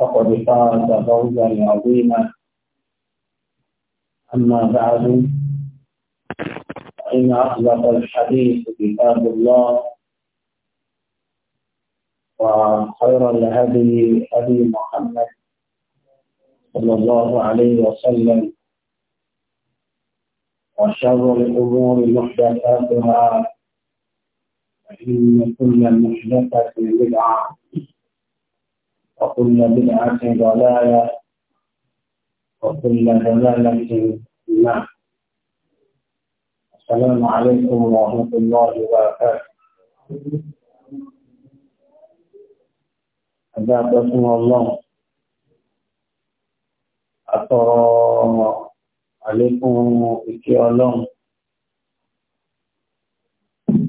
فقد فاز فوزا عظيما أما بعد فإن أصدق الحديث كتاب الله وخير الهدي ابي محمد صلى الله عليه وسلم وشر الأمور محدثاتها فإن كل محدثة بدعة وكل بدعة ضلالة وكل ضلالة في النار السلام عليكم ورحمة الله وبركاته أجابكم الله أترى عليكم إكي الله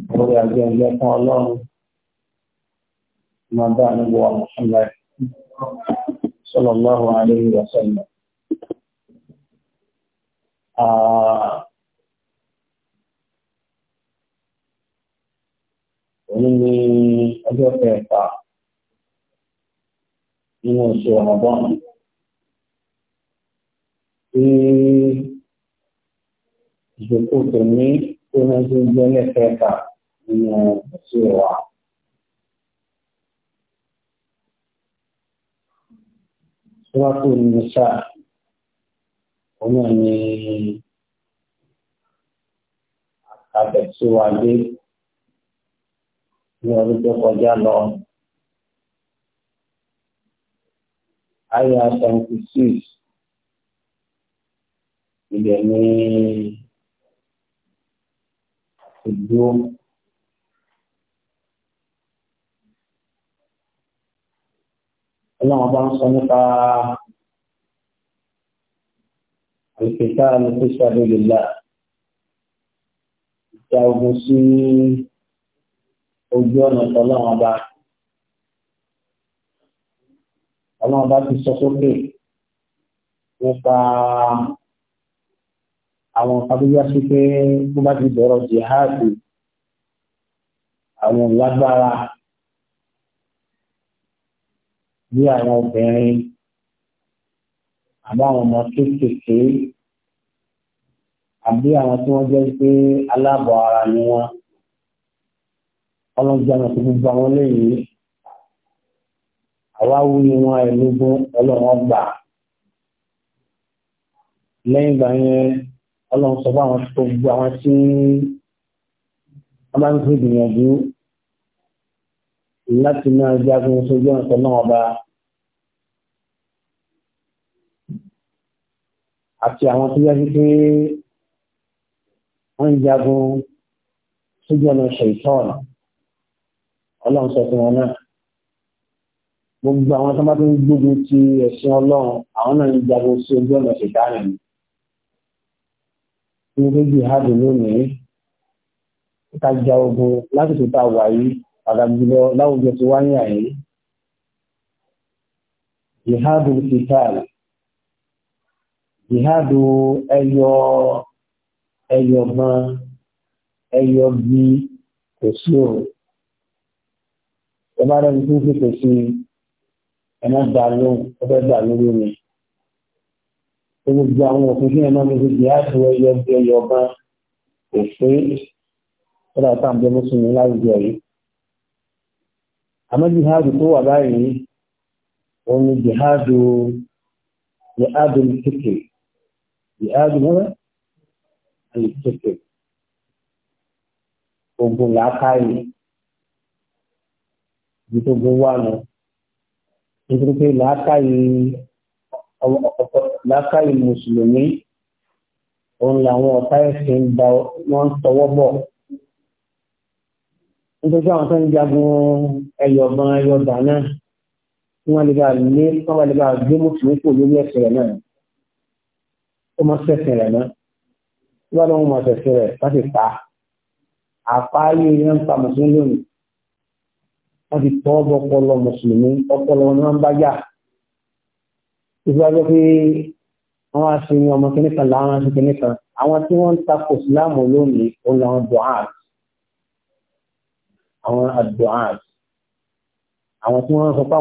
ورحمة الله وبركاته ما دعني محمد sallallahu alayhi wa sallam ah, òní ni ọjọ́ kẹfà nínú oṣù ọ̀rọ̀bọ́n tí ìjókòó tó ní tó náà ti jẹ́ lẹ́kẹ̀ẹ́ta nínú Sọ́wọ́tò ní sáà, òun náà ni àtàbẹ̀síwájú ní ọdún tó kọjá lọ. Àyà seventy six ibẹ̀ ni àtìdúró. ọlọ́run bá ń sọ nípa àìsíká lọ́sẹ̀ṣà lórí là ìjà ogun sí ojú ọ̀nà ọlọ́run bá ọlọ́run bá ti sọ sókè nípa àwọn abúlé sí pé bó bá ti bẹ̀rọ̀ jihad àwọn lágbára bí àwọn obìnrin àbáwọn ọmọ kéékèèké àbí àwọn tí wọ́n jẹ́ pé aláàbọ̀ ara ni wọ́n ọlọ́jà náà tó gbogbo àwọn lẹ́yìn àwa wú ni wọn ẹlógún ọlọ́wọ́n gbà lẹ́yìn ìgbà yẹn ọlọ́run sọ fún àwọn tó gbogbo àwọn tí wọ́n bá ń gbé ìgbìyànjú láti máa jagun sójú ọ̀nà náà ọba àti àwọn tó yẹ́sí pé wọ́n jagun sójú ọ̀nà ṣèitọ́ọ̀nà ọlọ́run sọ fún wọn náà gbogbo àwọn tó bá tó ń gbógun ti ẹ̀sìn ọlọ́run àwọn náà ń jagun sí ojú ọ̀nà ṣèitọ́ọ̀nà ni ní gbogbo ìhádùn lónìí ká ja ogun lásìkò tá a wà yìí pàtàkì jùlọ láwùjọ tí wá ń yà yìí jihadu kital jihadu ẹyọ ẹyọ gan ẹyọ bí kò sí òun ẹ bá rẹ nítorí pé kò sí ẹ má dà lóhùn ẹ fẹ́ dà lóhùn mi gbogbo àwọn òfin tí ẹ máa ń gbogbo jihadu ẹyọ bí ẹyọ gan kò sí ó dà tá à ń bẹ mọ́sùn láwùjọ yìí àmọ́ jihadu tó wà báyìí òun ni jihadu jihadu kéèké jihadu mọ́ra àlùkéèké ogun làákàyè ibi tó gun wà nù nítorí pé làákàyè làákàyè mùsùlùmí òun làwọn ọ̀tá ẹ̀sìn ń tọwọ́ bọ̀ nítorí àwọn tó ń jagun ẹyọ ọgbọ̀n ẹyọ ọgbà náà tí wọ́n lè bá lé wọ́n lè bá gbé mùsùlùmí kò lórí ẹ̀sìn rẹ̀ náà ó mọ sẹ̀sìn rẹ̀ náà tí wọ́n lọ́wọ́ mọ sẹ̀sìn rẹ̀ wọ́n ti ta àpáyé iná ń pa mùsùlùmí lónìí wọ́n ti tọ́ bọ́ ọpọlọ mùsùlùmí ọpọlọ ni wọ́n bá yà ìgbàgbọ́ pé àwọn aṣèyàn ọmọ kìnnìkan làwọn aṣèkìnnìkan àwọn tí wọ́n ń ta kò lónìí ó làwọn àwọn àdùá àwọn tí wọ́n sọ pé àwọn